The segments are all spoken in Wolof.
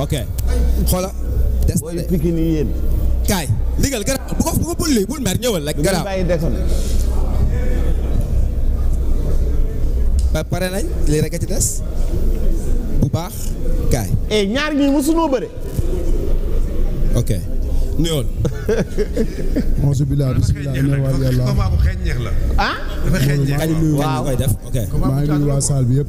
ok xoola des na de piki ni yéen kaay liggéey garaaw bu ko bu ko bul lii ba pare nañ lii rek des bu baax kay eh ñaar ñii mosunoo bëre ok nuyoon auzu billaahi bismillaahi inna waliya Allah waa salle bi yëpp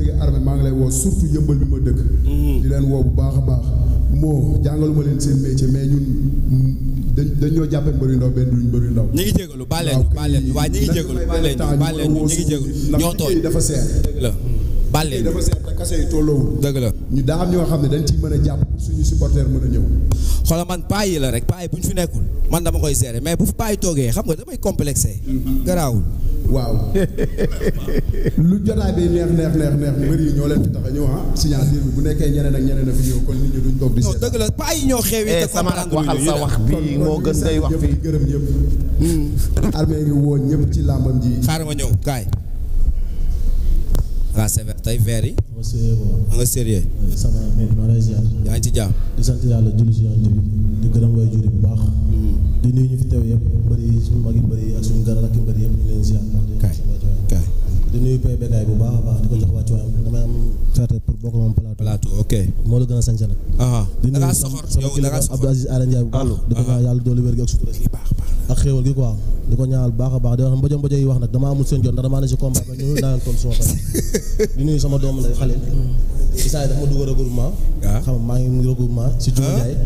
bëggee armée maa ngi lay woo surtout yëmbal bi ma dëkk. Mm-hmm. di leen a baax moo jàngaluma leen seen métier mais ñun dañ dañ ñoo jàppee mbëri ndaw benn duñ mbëri ndaw. ñu ñu ngi jégalu baal leen ñu baal leen ñu ngi jégalu ñoo dafa seer. dëgg la baal dafa seer te kase tolloowul. dëgg la ñu daa am ñoo xam ne dañ ci mën a jàpp suñu supporter mën a ñëw. xoolal man paa yi la rek paa bu ñu fi nekkul man dama koy seer mais bu fi paa yi toogee xam nga damay complexé mm-hmm. garaawul waaw lu jotaay bi neex neex neex neex mbër yi ñoo leen fi a ñëw ah signature bi bu nekkee ñeneen ak ñeneen a fi ñëw kon nit ñi duñ toog di seet. dëgg la pas ñoo xew te eh, sama waxal sa wax bi moo gën day wax fii gërëm hmm. ñëpp. armée ngi woo ñëpp ci làmbam ji. xaaral ma ñëw kaay. waaw ah, c'est tey verre yi. ma sérieux quoi. ma sérieux. ça yaa ngi ci jàmm. di sant yàlla julli si yonent di gërëm way juri bu baax. Hmm. di nuy ñu fi teew yëpp mbëri yi suñu mag yi mbëri ak suñu gar bu baax a baax di la gën a ah, ah. sama kilifa Abdou Aziz Aara Ndiaye baax di ko ah, a baax di wax mbojo mbojo yi wax nag dama amul seen jot ndax damaa ne si combat sama doomu lay xale mm. Issa dafa ma dugal regroupement xam maa ngi regroupement si Diouf Ndiaye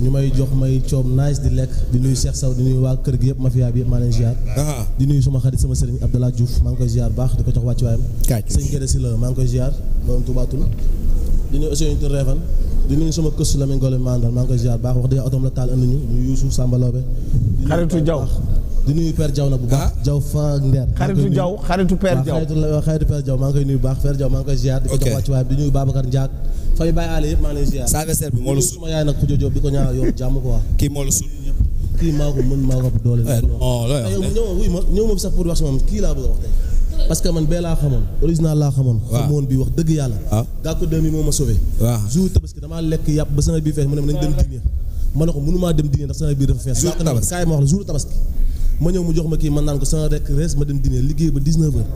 ñu may jox may coom nice di lekk di nuyu Cheikh Saw di nuyu waa kër gi yëpp ma bi yëpp maa leen ziar di nuyu suma xarit sama sëriñ Abdallah Diouf maa ngi koy ziar baax di ko jox wàcc waayam sëñ Géré si la maa ngi koy ziar moom tubaatul di nuyu aussi tur reefan di nuyu sama këstu la mi ngole mandal maa ngi koy ziar baax wax dëgg otoom la taal andi ñu ñu Yuusu Samba Loobe xaritu Jaw di nuyu Père Diaw na bu baax ah. Diaw fa Nder xaritu Diaw xaritu Père Diaw waaw xaritu Père Diaw maa ngi koy nuyu bu baax Père Diaw maa ngi koy ziar di ko jox wàcc waay di bi moom a wax tey parce wax dëgg yàlla ah. gàkko demi moo ma sauvé waaw jour tabaski damaa lekk yàpp ba sama biir fees mu ne ma nañ dem diine ma ne ko mënumaa dem diine ndax sama biir dafa fees kaay ma wax la jour tabaski ma ñëw mu jox ma kii man naan ko sama rek rees ma dem dîner liggéey ba 19 heures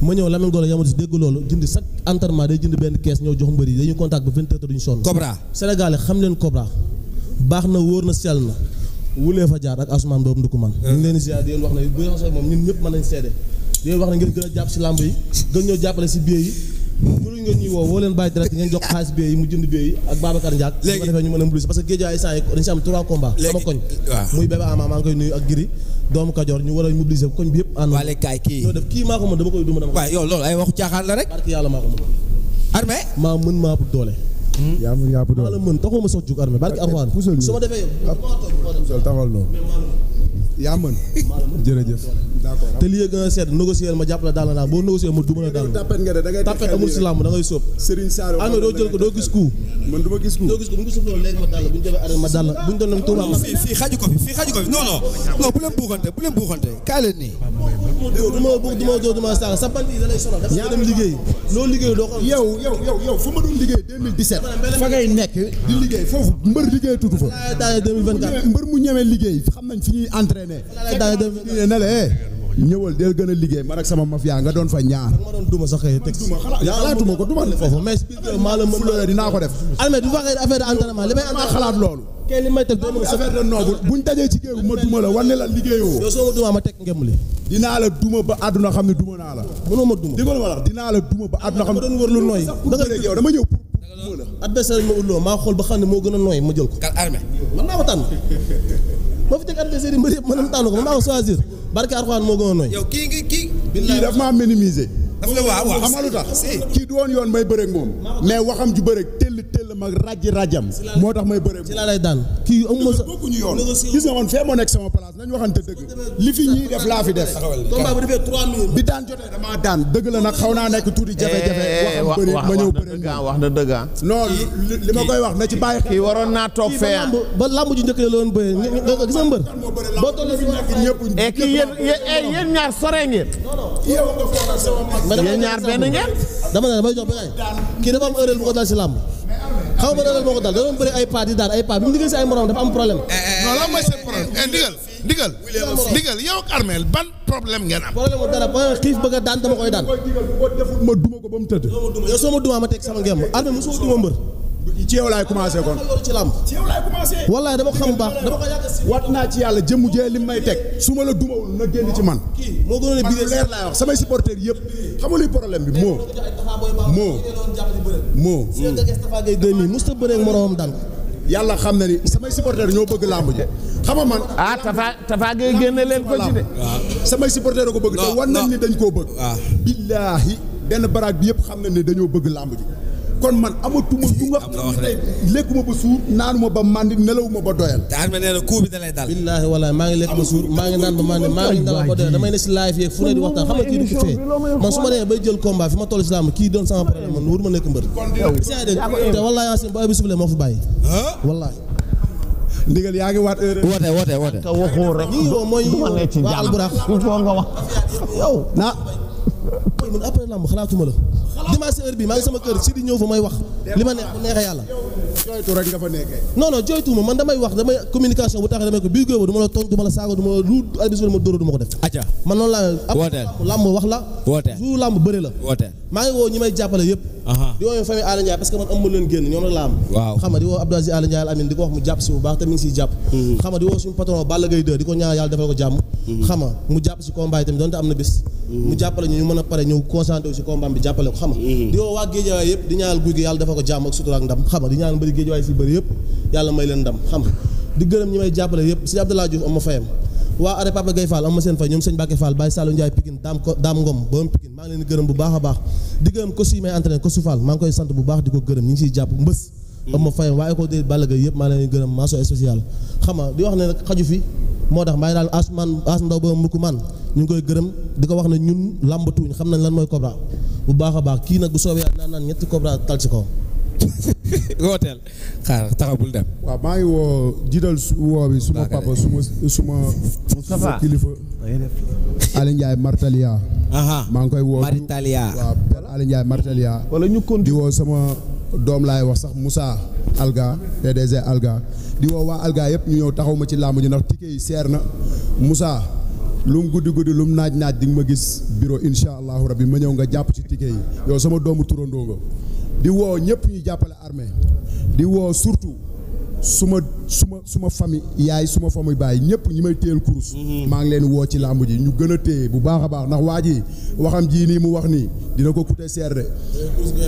ma ñëw Lamine Golo yamatu si dégg loolu jënd chaque entraînement day jënd benn kees ñëw jox mbër yi dañuy contact ba 20 heures duñu sonn Cobra Sénégalais xam leen Cobra baax na wóor na sell na wulee fa jaar ak asumaan boobu nduku man eh. ñu ngi leen ziar wax ne moom ñëpp mën nañ seede di leen wax ne ngeen gën a jàpp si làmb yi gën ñoo jàppale si biir yi ngeen ñuy woo woo leen bàyyi direct ngeen jox xaalis bee mu jënd bee ak Babacar Ndiak léegi a maa a mobiliser mën maa ko doole hmm? yaa mën yaa bu doole maa mën taxoo ma sox jug armée barke arwaan su ma defee yow taxawal loolu yaa mën te lii nga seet négocier ma jàpp la daal naa boo négocier ma duma la daal tapet amul si làmb da ngay sóob ko doo gis ku man du ma gis ku doo gis ku bu ko sóob ma dàll bu ñu defee arène du ma du ma du ma saaga sa bant yi dem liggéey loolu liggéey doo yow yow yow yow fu ma doon liggéey fa ngay nekk di liggéey foofu mbër liggéey tutu fa mbër mu ñemee liggéey xam nañ fi ñuy entraîné ne la ñëwal del gën a liggéey man ak sama mafia nga doon fa ñaar. ma doon duma sax xëy teg xalaatuma ko duma ne foofu mais maa la mën dinaa ko def. almet bu waxee affaire d'entraînement li may maa xalaat loolu. kay li may teg affaire de noobu buñ dajee ma duma la wane ma duma ma teg ngem ba xam ne duma naa la. mënoo ma duma déggoo ma la dinaa la duma ba xam ne doon wër lu nooy. yow dama ñëw adversaire ma ulloo maa xool ba xam ne moo gën a nooy ma jël ko. Armé man naa ko tànn moo fi adversaire ma barke Alxuraan moo gën a nooy. yow kii kii kii daf maa minimiser. daf la waaw waaw xam nga lu tax. kii du woon yoon may bëreeg moom. mais waxam ju bëreeg tell tell ma ràjji ràjjam moo tax may bëre ci la lay daan kii am sa bokkuñu yoon gis nga man fee moo nekk sama place nañ waxante dëgg li fi ñii def laa fi def bi daan dëgg la nag xaw naa nekk tuuti jafe-jafe eh, eh, wax bëri ma ñëw bëri wax na dëgg non li ma koy wax na ci bàyyi kii waroon naa toog fee ba lamb ju la woon bëri nga gis nga mbër boo toll fi nekk ñëpp et eh, kii yéen yéen ñaar sore ngeen yéen ñaar benn ngeen dama ne damay jox bi kii dafa am bu ko dal si lamb xaw ma doon moo ko dal da doon bëri ay pas di daal ay pas bi mu si ay morom dafa am problème. Eh, eh, eh, non lan mooy seen problème ndigal ndigal. ndigal yow armeel ban problème ngeen am. problème mu dara ba xiif bëgg a daan dama koy daan. ma duma ko ba mu tëdd. yow soo ma duma ma teg sama ngem armeel mosoo duma mbër ci yow laay commencé kon. ci lamb ci yow laay commencé. wallaay dama ko xam baax dama ko yàgg wat naa ci yàlla jëmm jee li may teg su ma la dumawul na génn ci man. moo gënoon a bidee leer laa wax samay supporters yëpp xamuluy problème bi moo. moo moo. Mm. musta bëre ak moroomam daan yàlla xam na ni samay supporters ñoo bëgg làmb ji xam nga man. ah Tafa Tafa ngay génne leen ko ci de. Ah. samay supporters ko bëgg. te wan nañ ni dañ koo bëgg. Ah. billaahi benn baraag bi yëpp xam na ni dañoo bëgg làmb ji. kon man amatuma lu nga xam ne lekkuma ba suur naanuma ba màndi nelawuma ba doyal te armé nee na kuu dal billaahi wallaahi maa ngi lekk ba suur maa ngi naan ba màndi maa ngi naan ba doyal damay ne si live fu ne di waxtaan xam nga kii du ko fee man su ma nee jël combat fi ma toll si làmb kii doon sama problème man wóor ma nekk mbër te wallaahi ancien ba bi sufle moo fa bàyyi wallaahi ndigal yaa ngi waat heure. woote woote woote. ka waxoo rek. lii mooy waa alburax. foo nga wax boy man après xalaatuma la dimanche heure bi maa ngi sama kër si di ñëw fa may wax li ma neex bu neexee yàlla jooytu rek ma man damay wax damay communication bu taxee damay ko bii góoba du ma la tooñ du ma la saago du lu albisbal ma dóora du ma ko def acca man noonu laa lamb wax la woote lamb bëri la woote maa ngi woo ñi may jàppale yëpp di woo famille Alla Ndiaye parce que man am ma leen génn ñoom rek laa am waaw xam nga di woo Abdou Aziz Alla Ndiaye al amin di ko wax mu jàpp si bu baax hmm. hmm. tamit donte am na bis hmm. mu jàppale ñu ñu mën a pare ñëw concentré si combat bi jàppale ko xam di woo waa géejawaay yëpp di ñaanal guy gi yàlla defal ko jàmm ak sutura ndam xam di ñaanal mbëri géejawaay si bëri yëpp yàlla may leen ndam xam di gërëm ñi may jàppale yëpp si Abdoulaye Diouf am ma fayam waa are Papa Gueye Fall am seen fay ñoom sëñ Mbacke Fall Baye Sallou Ndiaye Pikine daam ko daam Ngom borom Pikine maa ngi leen gërëm bu baax a baax di gërëm ko may entraîné ko su maa ngi koy sant bu baax di ko gërëm ñu ngi siy jàpp mbës am ma waaye ko dee Balla Gaye yëpp maa leen di gërëm mention spéciale xam nga di wax ne xaju fi moo tax maa daal as man as ndaw borom mbukku man ñu ngi koy gërëm di ko wax ne ñun làmbatuuñ xam nañ lan mooy Cobra bu baax a baax kii nag bu soobee naan naan ñetti Cobra tal ci wooteel xaar taxabul waaw maa ngi woo jiital su woo bi suma papa suma suma. Moustapha kilifa. Aliou Ndiaye maa ngi koy woo Martalia. waaw Aliou Ndiaye Martalia. wala ñu kon di woo sama doom laay wax sax musa Alga PDG Alga di woo waa Alga yëpp ñu ñëw taxaw ma ci làmb ñu ndax ticket yi seer na musa lu mu guddi guddi lu mu naaj naaj di nga ma gis bureau incha allahu bi ma ñëw nga jàpp ci ticket yi yow sama doomu turandoo nga. di woo ñëpp ñu jàppale armée di woo surtout su suma suma suma famille yaay suma famille baay ñëpp ñu may téyel kurus. Mhm. maa ngi leen woo ci làmb ji ñu gën a téye bu baax baax ndax waa ji waxam ji nii mu wax nii dina ko coûter cher de.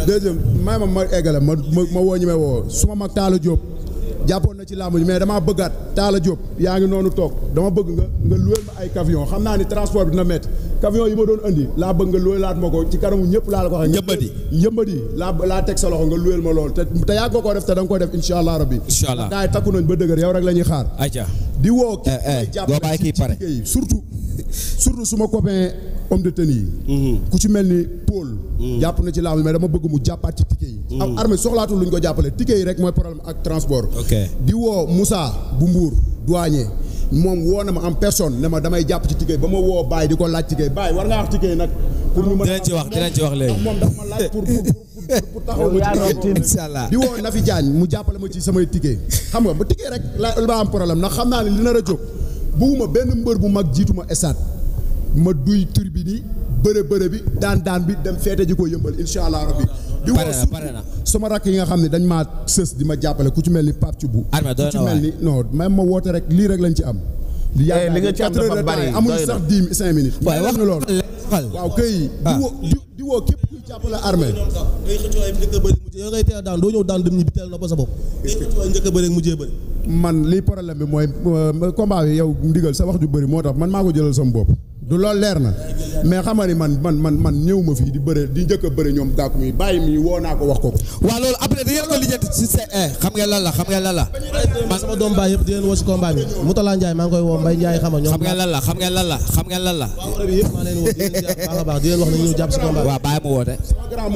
deuxième may ma ma eggale ma ma woo ñi may woo suma mag Talla Diop jàppoon na ci làmb ji mais damaa bëggaat Talla Diop yaa ngi noonu toog dama bëgg nga nga luweel ay camion xam naa ni transport bi dina métti camion yi ma doon andi laa bëgg nga looy laat ma ko ci kanamu ñëpp laa la ko waxee. yëmbadi yëmbadi laa laa teg sa loxo nga luyal ma lool te te yàgg nga koo def te da nga def incha allah rabbi. incha takku nañ ba dëgër yow rek la ñuy xaar. ayca di woo. Eh, eh, kii may jàppale ci surtout surtout suma copain homme de tenue yi. Mm-hmm. ku ci mel ni Paul. Mm-hmm. jàpp na ci laamu mais dama bëgg mu jàppaat ci ticket yi. am mm-hmm. armée soxlaatul luñ ko jàppale ticket yi rek mooy problème ak transport. di woo Moussa bu Mbour douanier moom woo na ma am personne ne ma damay jàpp ci ticket ba ma woo Baye di ko laaj ticket Baye war ngaa wax ticket nag. pour ñu ci wax dinañ ci wax léegi. moom dafa ma laaj pour pour taxaw ma ci di woo Nafi mu jàppale ma ci samay ticket xam nga ma ticket rek la am problème ndax xam naa ne li na rajo jóg buuma benn mbër bu mag jiitu ma esaat ma duy turbini bëre bëre bi daan daan bi dem feete ji ko yëmbal incha allah rabbi di woo su sama rakk yi nga xam ne dañ maa sës di ma jàppale ku ci mel ni Pape bu ku ci mel ni non même ma woote rek lii rek lañ ci am eh, yaaye li nga ci am dafa bari amul sax dix cinq minutes waaye wax na ah. di woo képp kuy jàppale armée yow ngay teel daan doo ñëw daan dem ñibbi teel na ba sa bopp njëkk a bëri mujjee man lii problème bi mooy euh, combat bi yow ndigal sa wax ju bari moo tax man maa ko jëlal sama bopp du lool leer na mais xam nga ni man man man man ñëw ma fii di bëre di njëkk a bëre ñoom gàkku mi bàyyi mi woo naa ko wax ko ko. waaw loolu après da ngeen ko lijjanti ci seen eh, xam ngeen lan la xam ngeen lan la. man sama doom baay yëpp di leen woo ci combat bi Moutala Ndiaye maa ngi koy woo Mbaye Ndiaye xam nga ñoom. xam ngeen lan la xam ngeen lan la xam ngeen lan la. waaw maa leen woo di leen wax nañu ñëw jàpp ci combat bi. waaw bàyyi mu woote. sama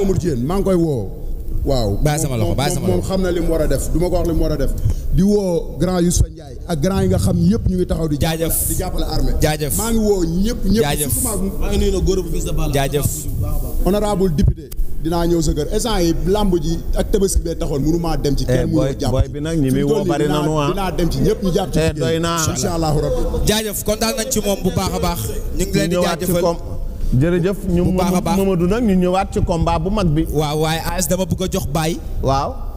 maa ngi koy woo. waaw bàyyi sama loxo bàyyi sama loxo moom xam na li mu war a def du ma ko wax li a def di woo grand Youssou Ndiaye ak grand yi nga xam ñëpp ñu ngi taxaw di jaajëf di jàppale armée jaajëf maa ngi woo ñëpp ñëpp jaajëf maa ngi nuyu na góor bu fils de Balla jaajëf honorable dinaa ñëw sa kër instant yi lamb ji ak tabaski bee taxoon mënu maa dem ci eh, kenn mënu jàpp bi nag ñi muy woo bari na nanu ah dinaa dem ci ñëpp ñu jàpp ci eh, doy naa incha allahu rabbi jaajëf kontaan nañ ci moom bu baax a baax ñu ngi leen di jaajëfal jërëjëf ñu Mamadou nag ñu ñëwaat ci kombaa bu mag bi waaw waaye AS dama bëgg a jox Baye waaw